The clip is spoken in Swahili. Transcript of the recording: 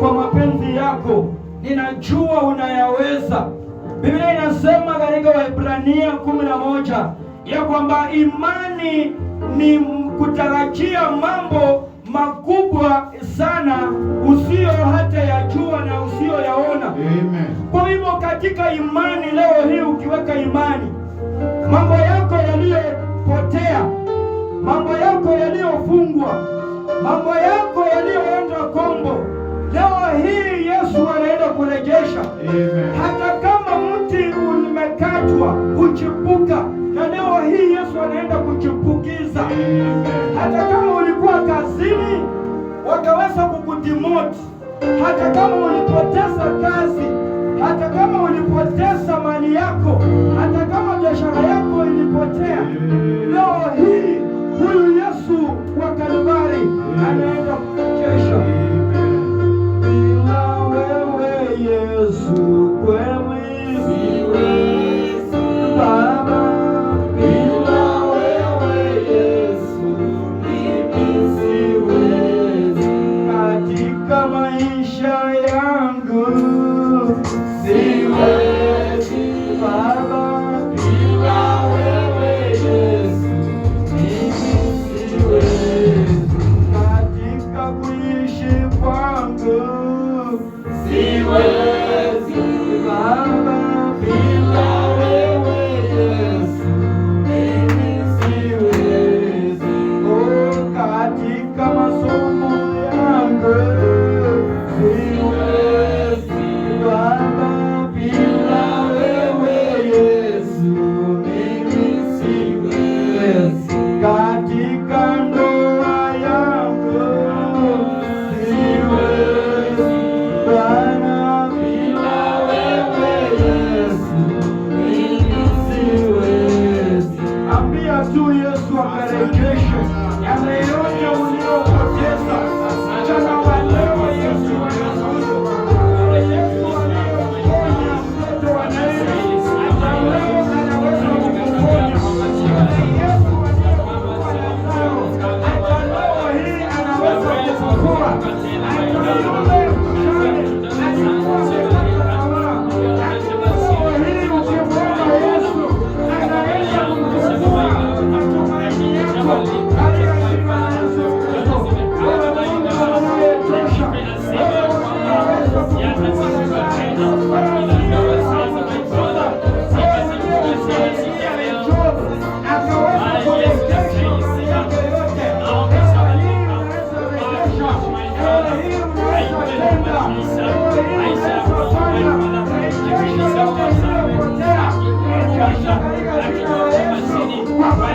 kwa mapenzi yako, ninajua unayaweza. Biblia inasema katika Waebrania kumi na moja ya kwamba imani ni kutarajia mambo makubwa sana usiyo hata yajua na usiyoyaona. Amen. Kwa hivyo katika imani leo hii ukiweka imani, mambo yako yaliyopotea, mambo yako yaliyofungwa, mambo yako yaliyoenda kurejesha. Hata kama mti umekatwa kuchipuka na leo hii Yesu anaenda kuchipukiza. Hata kama ulikuwa kazini wakaweza kukutimoti, hata kama ulipoteza kazi, hata kama ulipoteza mali yako, hata kama biashara yako ilipotea, leo hii huyu Yesu waka wish I am good.